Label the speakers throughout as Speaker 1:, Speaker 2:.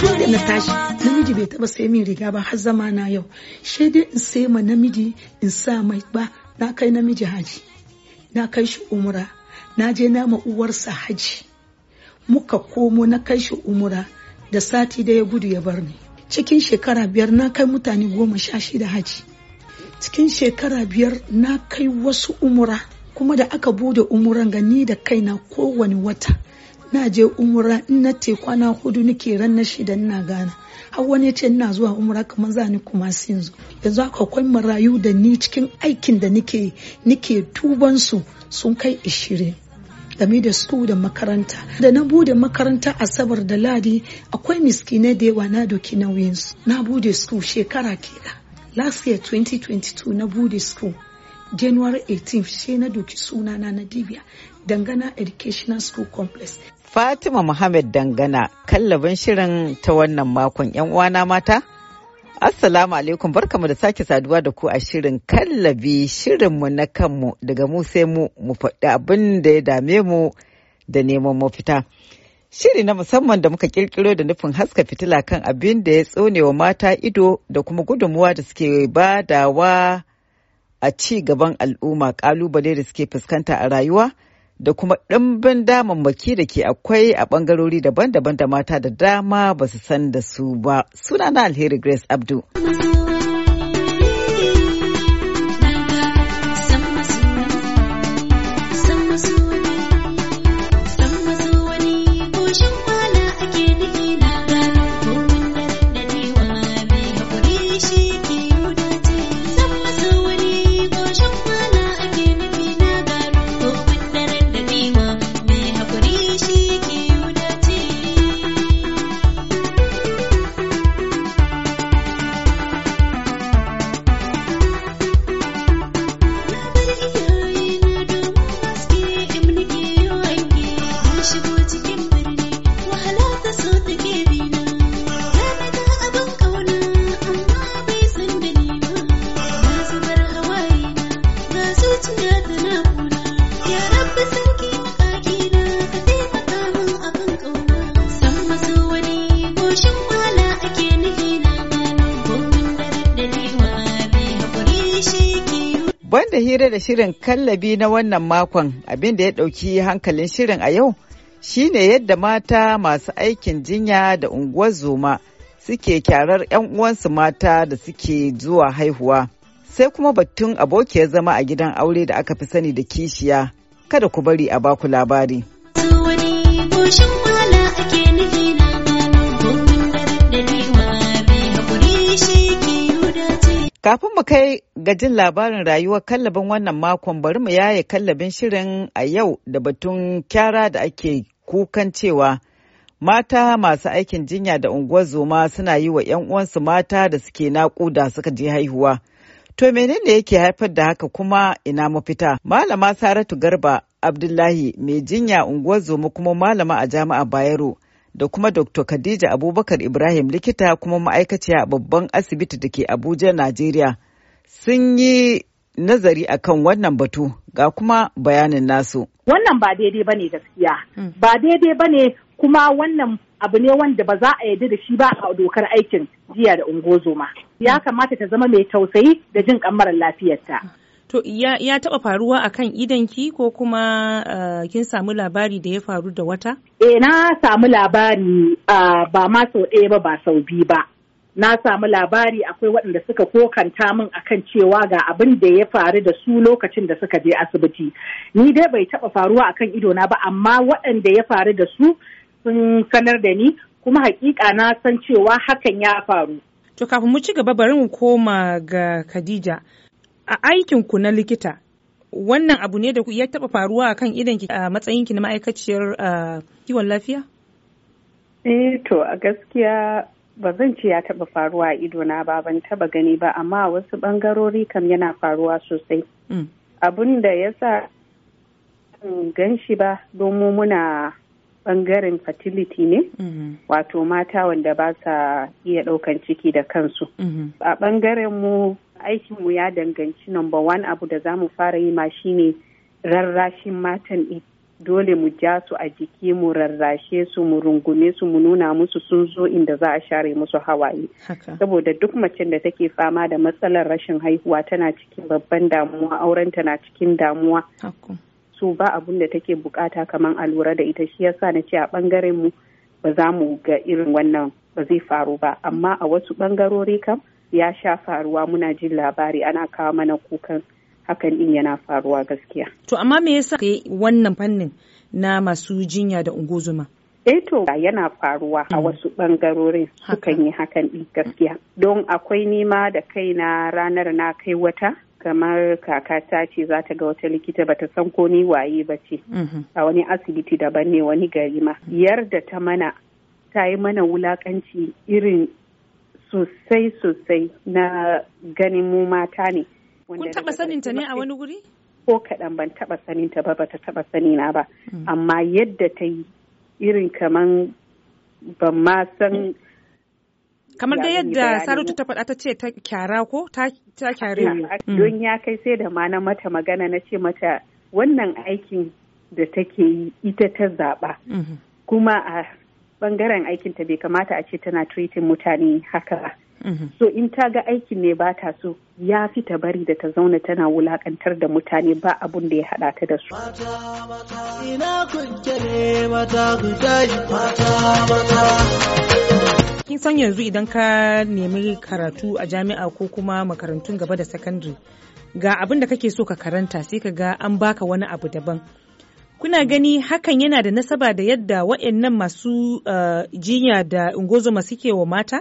Speaker 1: tun na tashi
Speaker 2: namiji bai taba sai min riga ba har zama na yau shi dai in sai ma namiji in sa mai ba na kai namiji haji na kai shi umura na je na ma uwarsa haji muka komo na kai shi umura da sati da ya gudu ya bar ni cikin shekara biyar na kai mutane goma sha shida haji cikin shekara biyar na kai wasu umura kuma da aka bude umuran gani da kaina kowane wata na je umura in na te kwana hudu nake ran na shida ina gana har wani ya ce ina zuwa umura kamar za ni kuma yanzu yanzu haka kwai marayu da ni cikin aikin da nike nike tuban su sun kai ishirin game da su da makaranta da na bude makaranta asabar da ladi akwai miskinai da yawa na doki nauyinsu na bude su shekara kenan last year 2022 na bude school
Speaker 3: january 18 she na doki suna na nadibia dangana educational school complex fatima muhammad dangana kallabin shirin ta wannan makon yan uwana mata Assalamu alaikum barkamu da sake saduwa da ku a shirin kallabi shirinmu na kanmu daga mu sai mu mu faɗi abin da ya dame mu da neman mafita. Shiri na musamman da muka kirkiro da nufin haska fitila kan abin da ya tsone wa mata ido da kuma gudunmuwa da suke badawa a ci gaban al'umma kalubale da suke fuskanta a rayuwa da kuma ɗimbin damammaki da ke akwai a ɓangarori daban-daban da mata da dama ba su san da su ba. Sunana Alheri Grace Abdu. hira da shirin kallabi na wannan makon abin da ya ɗauki hankalin shirin a yau shine yadda mata masu aikin jinya da unguwar zoma suke kyarar 'yan uwansu mata da suke zuwa haihuwa sai kuma batun abokiyar zama a gidan aure da aka fi sani da kishiya kada ku bari a baku labari. Kafin mu kai ga jin labarin rayuwar kallabin wannan makon bari mu yaye kallabin shirin a yau da batun kyara da ake kukan cewa mata masu aikin jinya da unguwar zoma suna yi wa 'yan uwansu mata da suke naƙuda suka je haihuwa. To menene yake haifar da haka kuma ina mafita? Malama Saratu Garba Abdullahi mai jinya unguwar zoma kuma malama a jami'a Bayero. da kuma Dr. Khadija Abubakar Ibrahim likita kuma ma'aikaciya a babban asibiti da ke Abuja, Najeriya sun yi nazari akan wannan batu ga kuma bayanin nasu.
Speaker 4: Wannan ba daidai ba ne gaskiya, hmm. ba daidai ba ne kuma wannan abu ne wanda ba za a yarda da shi ba a dokar aikin jiya da ungozoma. Ya hmm. kamata ta zama mai tausayi da jin kan lafiyarta. Hmm.
Speaker 1: To ya, ya taɓa faruwa a kan idanki ko kuma uh, kin samu labari da ya faru da wata?
Speaker 4: E na samu labari uh, ba ma sau ɗaya ba ba sau biyu ba. Na samu labari akwai waɗanda suka kokanta min akan cewa ga abin da ya faru da su lokacin da suka je asibiti. Ni dai bai taɓa faruwa akan idona ba amma waɗanda ya
Speaker 1: faru da su sun sanar da ni kuma hakika na san cewa hakan ya faru. To kafin mu ci gaba bari mu koma ga Khadija. a ku na likita wannan abu ne da ku ya taba faruwa a kan idanki a matsayinki na ma'aikaciyar kiwon lafiya?
Speaker 5: Eh to a gaskiya ba zan ce ya taba faruwa a idona ba ban taba gani ba amma wasu bangarori kam yana faruwa sosai. Mm. Abun da ya sa gan shi ba domin muna bangaren fertility ne mm-hmm. wato mata wanda ba sa iya ɗaukan ciki da kansu. Mm-hmm. A bangaren mu aikinmu ya danganci number one abu da zamu fara yi ma shine rarrashin matan dole mu ja su a jiki mu rarrashe su mu rungume su mu nuna musu sun zo inda za a share musu hawaye saboda duk macen da take fama da matsalar rashin haihuwa tana cikin babban damuwa auren tana cikin damuwa su ba abun da take bukata kamar a lura da ita shi yasa na ce a bangaren mu ba za mu ga irin wannan ba zai faru ba amma a wasu bangarori kam ya sha faruwa muna jin labari ana kawo mana kukan hakan din yana faruwa gaskiya.
Speaker 1: To amma me yasa kai wannan fannin na masu jinya
Speaker 5: da ungozuma? Eh to yana faruwa a mm. wasu bangarorin sukan yi hakan din gaskiya. Don akwai nima da kaina ranar na kai wata kamar ta ce za ta ga wata likita bata san ko ni waye ba ce mm-hmm. a wani asibiti daban ne wani gari ma yarda ta mana ta yi mana wulakanci irin sosai sosai na ganin mu mata ne.
Speaker 1: Kun taɓa sanin ta ne a
Speaker 5: wani guri? Ko kaɗan ban taɓa sanin ta ba ba ta taɓa sanina ba. Hmm. Amma yadda ta yi irin kaman ban ma san. Hmm.
Speaker 1: Kamar da yadda Saratu ta faɗa ta ce ta kyara ko ta kyare. Hmm. Don
Speaker 5: ya kai sai da ma na mata magana na ce mata wannan aikin da take yi ita ta zaɓa. Kuma a bangaren aikinta bai kamata a ce tana treating mutane haka ba. Mhm. So in ta ga aikin ne ba ta so ya fi ta bari da ta zauna tana wulakantar da mutane ba abun da ya haɗa ta da su. kin san
Speaker 1: yanzu idan ka nemi karatu a jami'a ko kuma makarantun gaba da sakandare ga abin da kake so ka karanta sai ka ga an baka wani abu daban kuna gani hakan yana da nasaba da yadda waɗannan masu eh, jinya da ungozoma suke wa mata?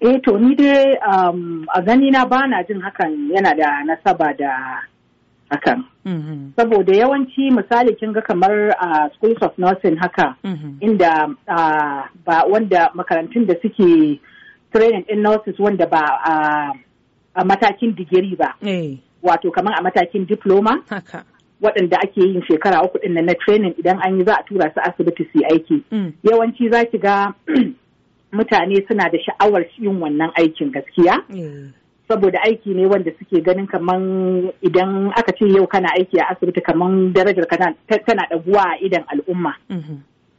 Speaker 4: eh to ni dai um, a gani na ba na jin hakan yana da nasaba da hakan mm-hmm. saboda yawanci misali kin ga kamar a schools of nursing haka mm-hmm. inda ba wanda makarantun da suke training in nurses wanda ba a matakin digiri ba eh. wato kamar a matakin diploma waɗanda ake yin shekara uku ɗin na training idan an yi za a tura su asibiti su yi aiki mm. yawanci za ki ga mutane suna da sha'awar yin wannan aikin gaskiya eh. saboda aiki ne wanda suke ganin kaman idan aka ce yau kana aiki a asibiti kaman darajar kana tana ɗaguwa a idan al'umma mm-hmm.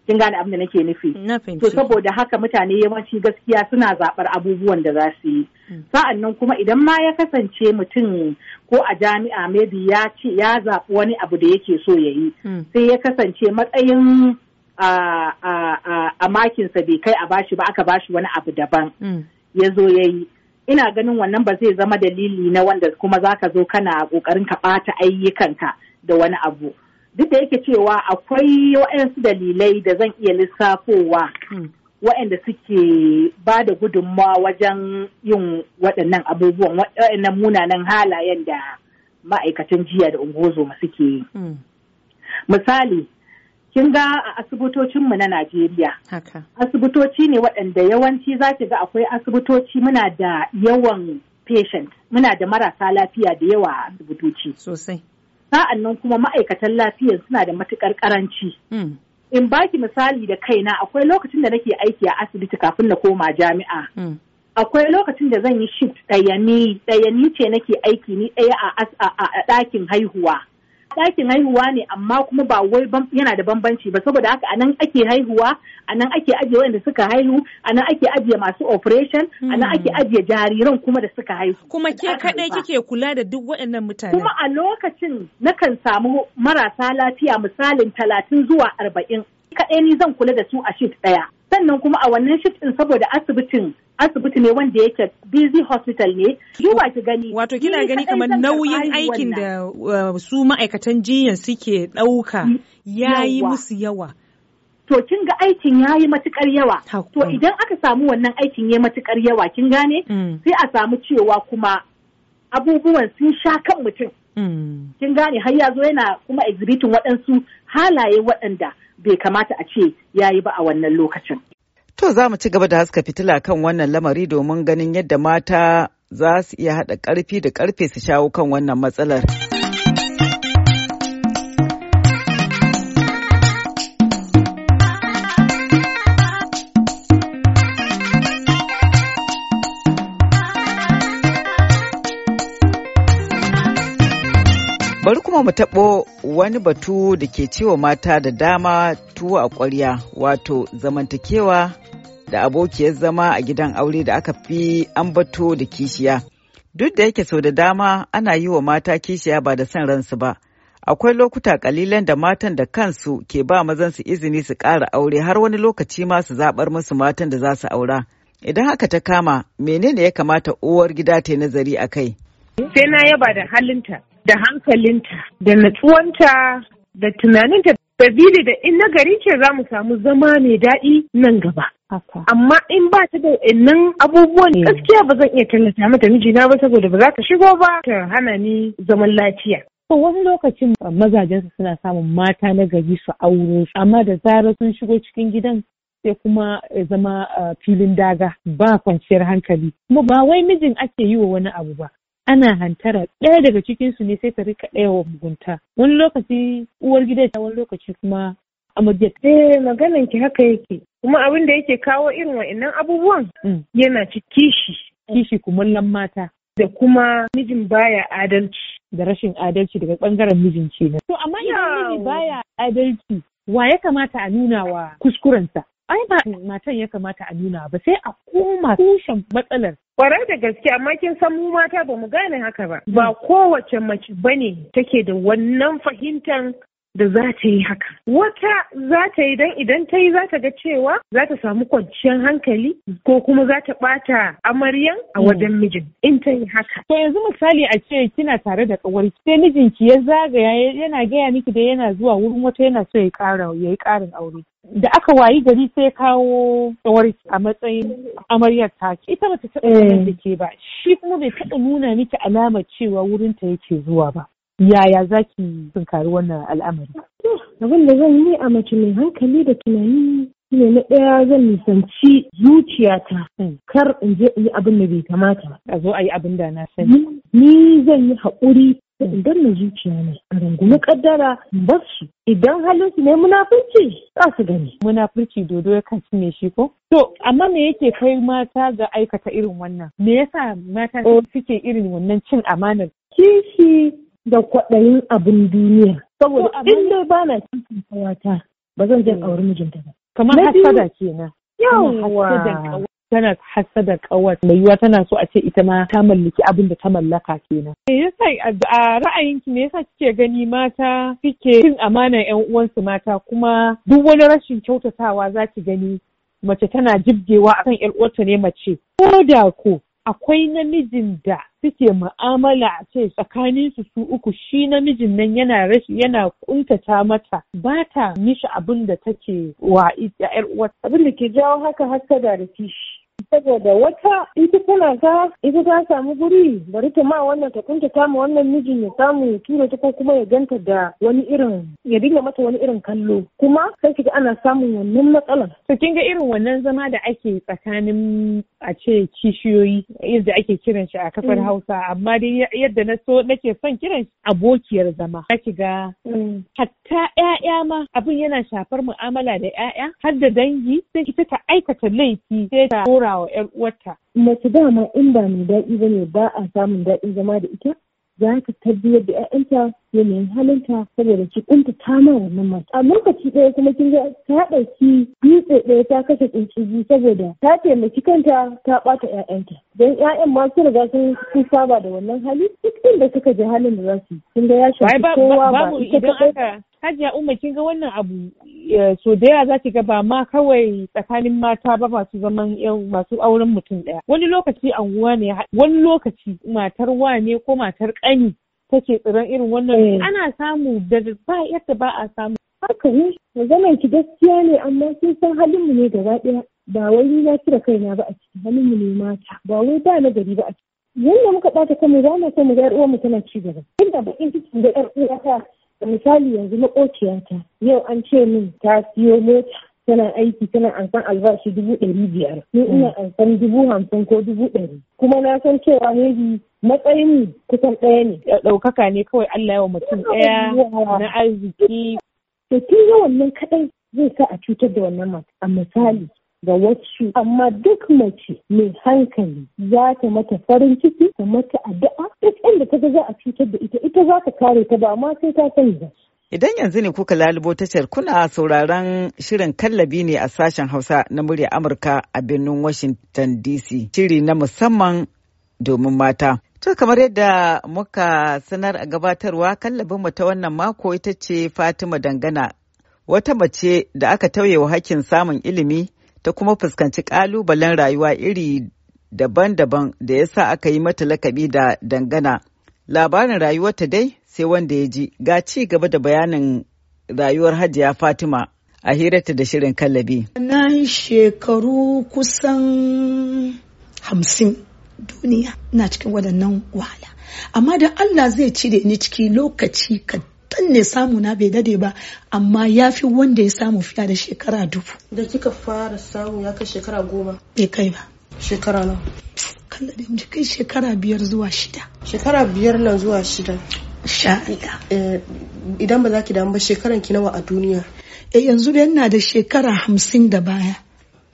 Speaker 4: kin gane abin da nake nufi to saboda haka mutane yawanci gaskiya suna zaɓar abubuwan da za su yi hmm. sa'an nan kuma idan ma ya kasance mutum ko a jami'a maybe ya ce ya zaɓi wani abu da yake so ya yi hmm. sai ya kasance matsayin a makinsa bai kai a bashi ba aka bashi wani abu daban hmm. ya zo ya yi ina ganin wannan ba zai zama dalili na wanda kuma zaka zo kana ƙoƙarin ka ɓata ayyukanka da wani abu duk da yake cewa akwai waɗansu dalilai da zan iya lissafowa hmm. waɗanda suke ba da gudunmawa wajen yin waɗannan abubuwan waɗannan munanan halayen da ma'aikatan jiya da ungozoma suke yi. Hmm. Misali, kin ga a asibitocinmu na Najeriya. Asibitoci ne waɗanda yawanci za ki ga akwai asibitoci muna da yawan patient, muna da marasa lafiya da yawa a asibitoci. Sosai. sa'an nan kuma ma'aikatan lafiyar suna da matukar ƙaranci. Hmm. In baki misali da kaina akwai lokacin da nake aiki a asibiti kafin na koma jami'a. Hmm. Akwai lokacin da zan yi shift ɗayani, ni ce nake aiki ni ɗaya a ɗakin haihuwa. ɗakin haihuwa ne amma kuma ba wai yana da bambanci ba saboda haka anan ake haihuwa anan ake ajiye wanda suka haihu anan ake ajiye masu operation anan ake hmm. ajiye jariran kuma da suka haihu
Speaker 1: kuma ke kadai kike kula da duk waɗannan mutane kuma
Speaker 4: a lokacin nakan samu marasa lafiya misalin talatin zuwa arba'in kaɗai ni zan kula da su a shift ɗaya sannan kuma a wannan shift ɗin saboda asibitin asibiti ne wanda yake busy hospital ne zuwa ki gani wato kina gani kamar nauyin aikin da
Speaker 1: uh, su ma'aikatan jinyar suke ɗauka mm, ya yi musu yawa
Speaker 4: to kin ga aikin ya yi matukar yawa to mm. idan aka samu wannan aikin ya matukar yawa kin gane mm. sai a samu cewa kuma abubuwan sun sha kan mutum kin gane har ya zo yana kuma exhibiting waɗansu halaye waɗanda bai kamata
Speaker 3: a ce ya yi ba a wannan lokacin. To za mu ci gaba da haska fitila kan wannan lamari domin ganin yadda mata za su iya haɗa ƙarfi da ƙarfe su shawo kan wannan matsalar. kuma mu taɓo wani batu da ke ciwo mata da dama tuwo a ƙwarya wato zamantakewa da abokiyar zama a gidan aure da aka fi ambato da kishiya. Duk da yake sau da dama ana yi wa mata kishiya ba da son ransu ba. Akwai lokuta kalilan da matan da kansu ke ba mazansu izini su ƙara aure har wani lokaci ma su zaɓar musu matan da za su aura. Idan haka ta kama, menene ya kamata uwar gida ta nazari a kai? Sai na yaba da
Speaker 6: halinta, da hankalinta da natsuwanta da tunaninta sabili da in na gari ce za mu samu zama mai daɗi nan gaba. Amma in ba ta da innan abubuwan eh. gaskiya ba zan iya tallata mata mijina ba saboda ba za ka shigo ba ta hana ni zaman lafiya. To wani lokacin mazajensu suna samun mata na gari su auro amma da zarar sun shigo cikin gidan sai kuma zama filin daga ba kwanciyar hankali kuma ba wai mijin ake yi wa wani abu ba ana hantara ɗaya daga cikin su ne sai ta rika ɗaya wa mugunta wani lokaci uwar gida ta wani lokaci kuma amarya eh maganan ki haka yake kuma abin da yake kawo irin wa'annan abubuwan mm. yana ci kishi kishi kumallon mata da kuma mijin baya adalci da rashin adalci daga bangaren mijin kenan to amma idan miji baya adalci wa ya kamata a nuna wa kuskurensa ai ba mm, matan ya kamata a nuna ba sai a koma tushen matsalar kwarar da gaske amma kin san mu mata ba mu gane haka ba ba mm. kowace mace bane take da wannan fahimtar da za ta yi haka. Wata za ta yi don idan ta yi za ta ga cewa za ta samu kwanciyar hankali ko kuma za ta ɓata amaryan a hmm. wajen mijin in ta yi haka. To yanzu misali a ce kina tare da kawar sai mijinki ya zagaya yana gaya miki da yana zuwa wurin wata yana so ya yi karin aure. da aka wayi gari sai kawo tsawarki a matsayin amaryar ta ita ba ta taɓa eh. da ke ba shi kuma bai taɓa nuna miki alamar cewa wurin ta yake zuwa ba yaya za ki tunkari wannan al'amari? Abin da zan yi a mace mai hankali da tunani ne na ɗaya zan nisanci zuciyata kar in je in yi abin da bai kamata. A zo a yi abin da na sani. Ni zan yi haƙuri in danna zuciya ne a rungumi kaddara bar su idan halin su ne munafurci za su gani munafurci dodo ya kan cinye shi ko to amma me yake kai mata ga aikata irin wannan me yasa mata oh. suke irin wannan cin amanar kishi da kwaɗayin abin duniya. Saboda in dai ba na cikin kawata ba zan jan auri mijinta ba. Kamar hasada kenan. Yawwa. Tana hasada ƙawar. mai yiwa tana so a ce ita ma ta mallaki abin da ta mallaka kenan. Me yasa a ra'ayinki me yasa kike gani mata kike cin amanar ƴan uwansu mata kuma duk wani rashin kyautatawa za ki gani mace tana jibgewa akan ƴar uwarta ne mace. Ko da ko akwai namijin da suke ma'amala a ce tsakanin su uku shi namijin nan yana rashi yana kuntata mata ba ta mishi abin da take wa yar uwa abin da ke jawo haka hasada da kishi saboda wata ita tana ta ita ta samu guri bari ta ma wannan ta kuntata ma wannan mijin ya samu ya tura ta ko kuma ya ganta da wani irin ya dinga mata wani irin kallo kuma sai kiga ana samun wannan matsalar. To kin ga irin wannan zama da ake tsakanin a ce kishiyoyi yadda ake kiran shi a kafar mm. Hausa amma dai yadda na so nake son kiran abokiyar zama. Za ki ga mm. hatta ƴaƴa ma abin yana shafar mu'amala da ƴaƴa har da dangi sai ita ta aikata laifi sai ta kora wa ƴar uwarta. Mace dama in ba mai daɗi bane ba a samun daɗin zama da ita za ka tabbiyar da 'ya'yanta yanayin halinta saboda ki kunta ta ma wannan A lokaci ɗaya kuma kin ga ta ɗauki dutse ɗaya ta kashe tsuntsugi saboda ta taimaki kanta ta ɓata 'ya'yanta. Don 'ya'yan ma sun riga sun saba da wannan hali duk inda suka ji halin da za su kin ga ya shafi kowa ba ita Hajiya Umma kin ga wannan abu so da yawa za ki ga ba ma kawai tsakanin mata ba masu zaman yan masu auren mutum daya. wani lokaci anguwa ne wani lokaci matar wa ne ko matar kani take tsiron irin wannan eh. ana samu da ba yadda ba a samu haka ne maganar ki gaskiya ne amma sun san halin mu ne gaba daya. ba wani ya na cire kaina ba a ciki halin mu ne mata ba wai ba na gari ba a ciki yanda muka ɓata kanmu za mu so mu ga uwar mu tana ci gaba inda bakin cikin da ƴar uwa ta misali yanzu makociyarta yau an ce min ta siyo mota tana aiki tana ansan albashi dubu ɗari biyar ni hmm. ina ansan dubu hamsin ko dubu ɗari kuma na san cewa ne matsayin kusan ɗaya ne ɗaukaka ne kawai Allah yawa mutum ɗaya na arziki to tun yawan nan kaɗai zai sa a cutar da wannan mata a misali ga wasu amma duk mace mai hankali za ta mata farin ciki ta mata addu'a duk inda ta ga za a cutar
Speaker 3: da ita ita za ta kare ta ba ma sai ta sani ba Idan yanzu ne kuka lalubo tashar kuna sauraron shirin kallabi ne a sashen Hausa na murya Amurka a birnin Washington DC. Shiri na musamman domin mata. To kamar yadda muka sanar a gabatarwa kallabin mu ta wannan mako ita ce Fatima Dangana. Wata mace da aka tauye wa hakkin samun ilimi ta kuma fuskanci ƙalubalen rayuwa iri daban-daban da ya sa aka yi mata lakabi da dangana. Labarin rayuwarta dai sai wanda ya ji ga ci gaba da bayanin rayuwar Hajiya Fatima a hirarta da shirin kallabi. Na yi shekaru
Speaker 2: kusan hamsin duniya na cikin waɗannan wahala. Amma da Allah zai cire ni ciki lokaci ka kaɗan ne samu na bai dade ba amma ya fi wanda ya samu fiya da shekara dubu. Da kika fara samu ya kai
Speaker 7: shekara goma?
Speaker 2: Bai kai ba. Shekara nawa? Kalla da yanzu kai shekara biyar zuwa shida. Shekara biyar nan zuwa shida.
Speaker 7: Sha eh, Idan ba za ki damu ba shekaran ki nawa a duniya? Eh
Speaker 2: yanzu da yana da shekara hamsin da baya.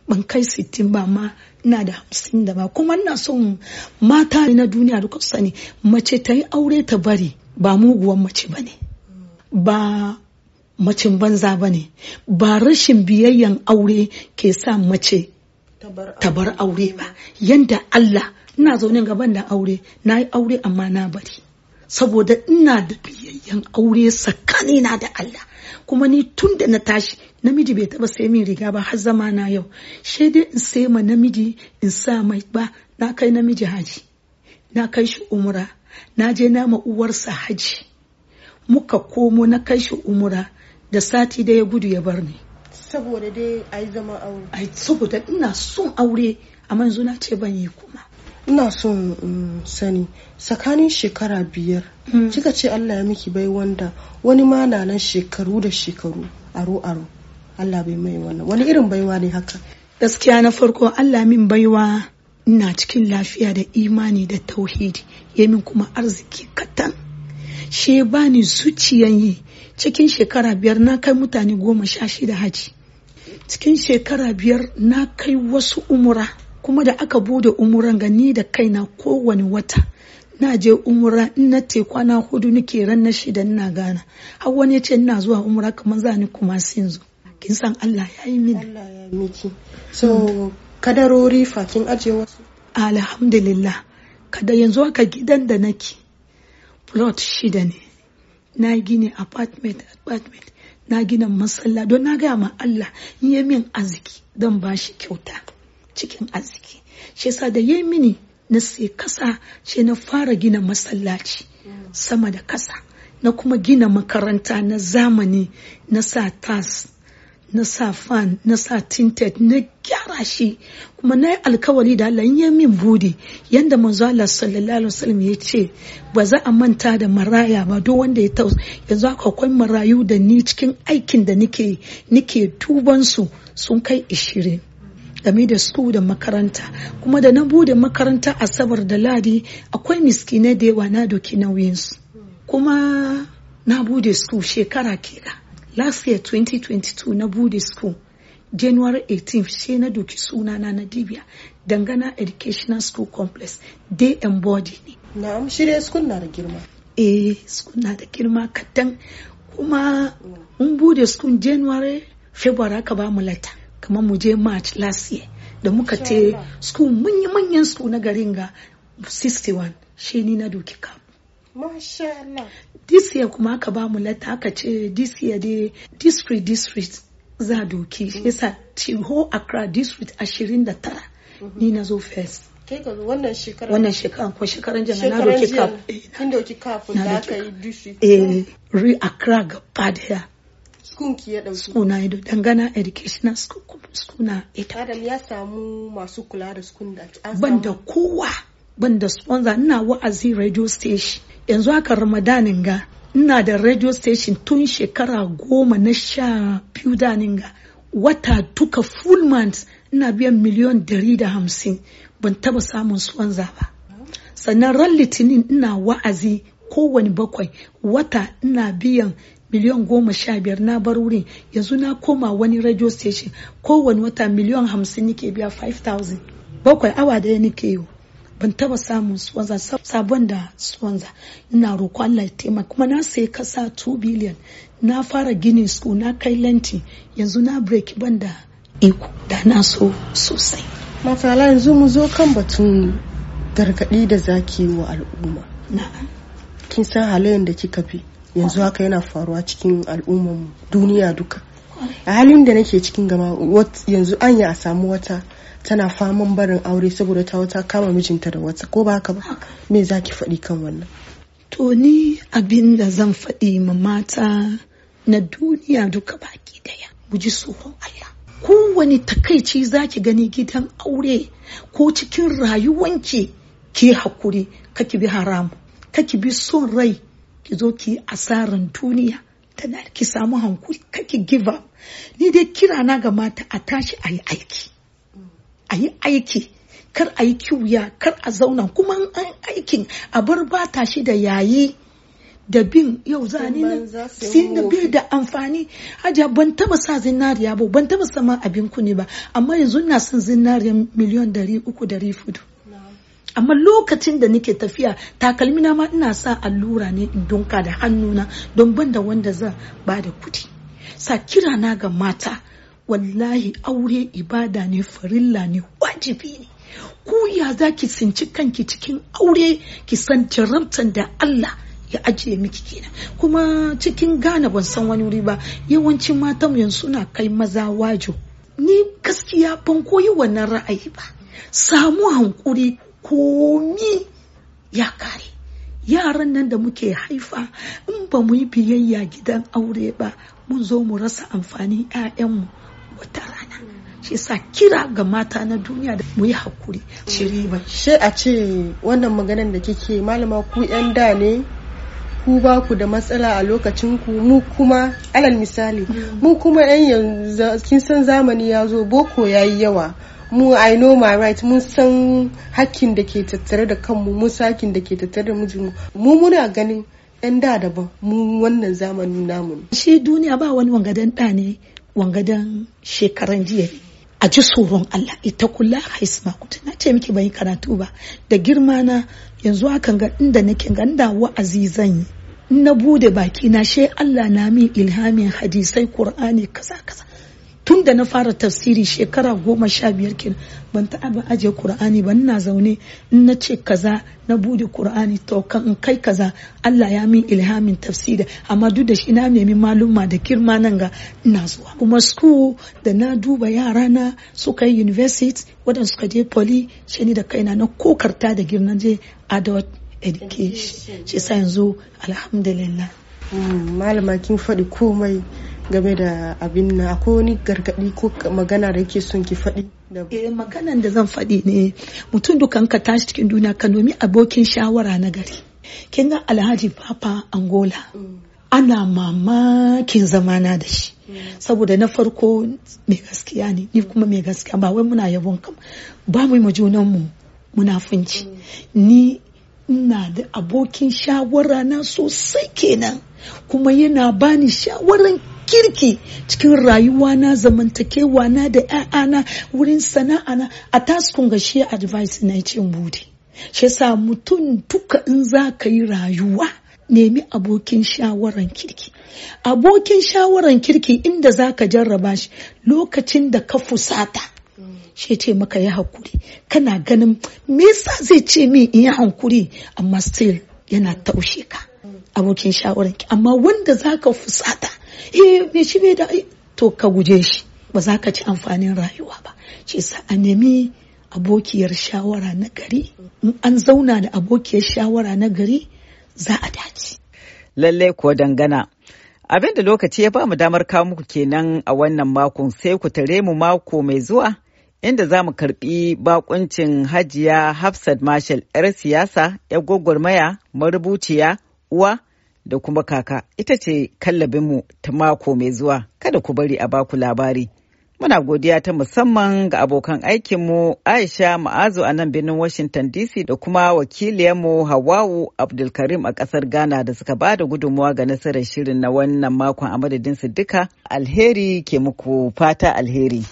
Speaker 2: Ban kai sittin ba ma ina da hamsin da ba kuma ina son mata na duniya duka sani mace ta yi aure ta bari ba muguwan mace ba ne. ba macin banza ba ne ba rashin biyayyan aure ke sa mace ta bar aure ba yanda Allah ina zaune gaban da aure na yi aure amma na bari saboda ina da biyayyan aure sakani na da Allah kuma ni tun da na tashi namiji bai taba sai min riga ba har zama na yau shi dai in sai ma namiji in sa mai ba na kai namiji haji na kai shi umra na je na ma uwarsa haji muka komo na kai shi umura da sati da ya gudu ya bar ni
Speaker 7: saboda dai a yi zama aure
Speaker 2: ai saboda ina son aure A manzo
Speaker 7: na ce ban yi kuma ina son um, sani tsakanin shekara biyar hmm. kika ce Allah ya miki bai wanda wani ma na nan shekaru da shekaru aro aro
Speaker 2: Allah bai mai wannan wani irin baiwa ne haka gaskiya na farko Allah min baiwa ina cikin lafiya da imani da tauhidi ya min kuma arziki katan she bani zuciyan yi cikin shekara biyar na kai mutane goma sha shida haji cikin shekara biyar na kai wasu umura kuma da aka bude umuran gani da kaina kowane wata na je umura in na te kwana hudu nake ran na shida ina gana har wani ya ce ina zuwa umura kamar za ni kuma sin zo kin san Allah ya yi mini Allah so kadarori fa kin alhamdulillah kada yanzu haka gidan da nake plot shida ne na gina apartment apartment na gina masalla don na gaya ma Allah in ya min arziki don ba shi kyauta cikin arziki shi yasa da ya mini na sai kasa shi na fara gina masallaci sama da kasa na kuma gina makaranta na zamani na sa tas na sa fan na sa tinted na gyara shi kuma na yi alkawari da Allah ya min budi yanda manzo Allah sallallahu alaihi wasallam ya ce ba za a manta da maraya ba duk wanda ya taus yanzu haka akwai marayu da ni cikin aikin da nike nike tuban su sun kai ishirin game da su da makaranta kuma da na bude makaranta a asabar da ladi akwai miskinai da yawa na doki nauyinsu kuma na bude su shekara kenan last year 2022 na bude school january 18 she na doki sunana na dibia dangana educational school complex day and body ne na'am shi dai school na da girma eh school na da girma kadan kuma mun bude school january february aka ba mu lata kamar mu je march last year da muka te school manya manyan school na garin ga 61 she ni na doki kam Masha Allah. This year kuma aka ba mu lata aka ce this year dey district district za doki. Mm. Yasa Tiho Accra district ashirin da tara. Mm-hmm. Ni na zo first.
Speaker 7: wannan shekaran wannan
Speaker 2: shekaran ko shekaran jana na roki kaf
Speaker 7: eh, kin doki kafin da aka yi
Speaker 2: district eh ri Accra ga daya
Speaker 7: school ki ya dauki school na ido
Speaker 2: dangana educational school school na
Speaker 7: ita Adam ya samu masu kula da school da
Speaker 2: ban da kowa ban da sponsor ina wa'azi radio station yanzu haka ramadanin ga ina da radio station tun shekara goma na sha biyu danin ga wata duka full month ina biyan miliyon dari da hamsin ban taba samun sponsor ba sannan ran litinin ina wa'azi kowane bakwai wata ina biyan miliyon goma sha biyar na bar wurin yanzu na koma wani radio station kowane wata miliyon hamsin nike biya 5000 bakwai awa daya nike yi ban taba samun suwanza sabon da suwanza ina roko Allah ya taimaka kuma na sayi kasa 2 billion na fara gini school na kai lanti yanzu na break ban da iko da na so sosai matala yanzu mu zo
Speaker 7: kan batun gargaɗi da zaki wa al'umma kin san halayen da kika fi yanzu haka yana faruwa cikin al'ummar duniya duka a halin da nake cikin gama yanzu anya a samu wata tana faman barin aure saboda ta wata kama mijinta da wata ko ba haka ba me za ki faɗi kan wannan to ni
Speaker 2: abin da zan faɗi ma mata na duniya duka baki daya mu ji tsoron Allah kowane takaici za ki gani gidan aure ko cikin rayuwanki ki hakuri ki bi haramu ki bi son rai ki zo ki asaran duniya tana ki samu hankuri kaki give up ni dai kira na ga mata a tashi a yi aiki a yi aiki kar a yi kiwuya kar a zauna kuma an aikin a bar bata shi da yayi da bin yau zane na sin da da amfani hajiya ban taba sa zinariya ba ban taba sama abin kuni ba amma yanzu na son zinariya miliyan dari uku dari fudu amma lokacin da nake tafiya takalmi na ma ina sa allura ne in dunka da hannuna don ban da wanda zan ba da kudi sa kira na ga mata wallahi aure ibada ne farilla ne wajibi ne ku ya za ki tsinci kanki cikin aure ki san jaramtan da Allah ya ajiye miki kenan kuma cikin gane ban san wani wuri ba yawancin matan yanzu suna kai maza wajo ni gaskiya ban koyi wannan ra'ayi ba samu hankuri komi ya kare yaran nan da muke haifa in ba mu yi biyayya gidan aure ba mun zo mu rasa amfanin 'ya'yanmu wata rana shi sa kira ga mata na duniya da mu yi hakuri
Speaker 7: shiri ba shi a ce wannan maganar da kike malama ku yan da ne ku ba ku da matsala a lokacin ku mu kuma alal misali mu kuma yan yanzu kin san zamani ya zo boko ya yi yawa mu i know my right mun san hakkin da ke tattare da kanmu mun sakin da ke tattare da mijin mu muna ganin
Speaker 2: yan da daban mu wannan zamanin namu shi duniya ba wani wangadan da ne wangadan shekaran jiya a ji tsoron Allah ita kula haisma kuta na ce miki ban yi karatu ba da girma na yanzu hakan ga inda nake ganda wa wa'azi zan yi na bude baki na she Allah na min ilhamin hadisai Qur'ani kaza kaza tun da na fara tafsiri shekara goma sha biyar kenan ban taɓa ajiye kur'ani ba ina zaune in na ce kaza na bude kur'ani to kan in kai kaza Allah ya min ilhamin tafsiri amma duk da shi na nemi maluma da girma nan ga na zuwa kuma school da na duba yara na suka yi university wadanda suka je poli shi ni da kaina na kokarta da girnan je adult education shi sa yanzu
Speaker 7: alhamdulillah mm, malama faɗi komai game da abin na akwai
Speaker 2: wani gargaɗi ko magana da yake son ki faɗi eh maganan da zan faɗi ne mutum dukan ka tashi cikin duniya ka nomi abokin shawara na gari kin ga alhaji papa angola mm. ana mamakin zamana da shi mm. saboda na farko mai gaskiya ne ni kuma mai gaskiya ba wai muna yabon kam ba mu munafunci mm. ni ina da abokin shawara na sosai kenan kuma yana bani shawaran kirki cikin rayuwa na zamantakewa na da 'ya'yana wurin sana'a na a taskun ga shi advice na ce bude shi sa mutum duka in za ka yi rayuwa nemi abokin shawaran kirki abokin shawaran kirki inda za ka jarraba shi lokacin da ka fusata shi ce maka ya hakuri kana ganin me yasa zai ce min in yi hankuri amma still yana taushe ka abokin shawaranki amma wanda zaka fusata eh me shi bai da eh, to ka guje shi ba za ka ci amfanin rayuwa ba ce sa a nemi abokiyar shawara
Speaker 3: na gari in an zauna da abokiyar shawara na gari za a dace lallai ko dangana abin da lokaci ya ba mu damar kawo muku kenan a wannan makon sai ku tare mu mako mai zuwa inda za mu karbi bakuncin hajiya hafsat marshal 'yar siyasa 'yar gwagwarmaya marubuciya uwa da kuma kaka ita ce kallabinmu ta mako mai zuwa kada ku bari a baku labari. Muna godiya ta musamman ga abokan aikinmu Aisha Ma'azu a nan birnin Washington DC da kuma wakiliyarmu Hawawu Abdulkarim a ƙasar Ghana da suka ba da gudunmuwa ga nasarar shirin na wannan makon a madadinsu duka alheri ke muku fata alheri.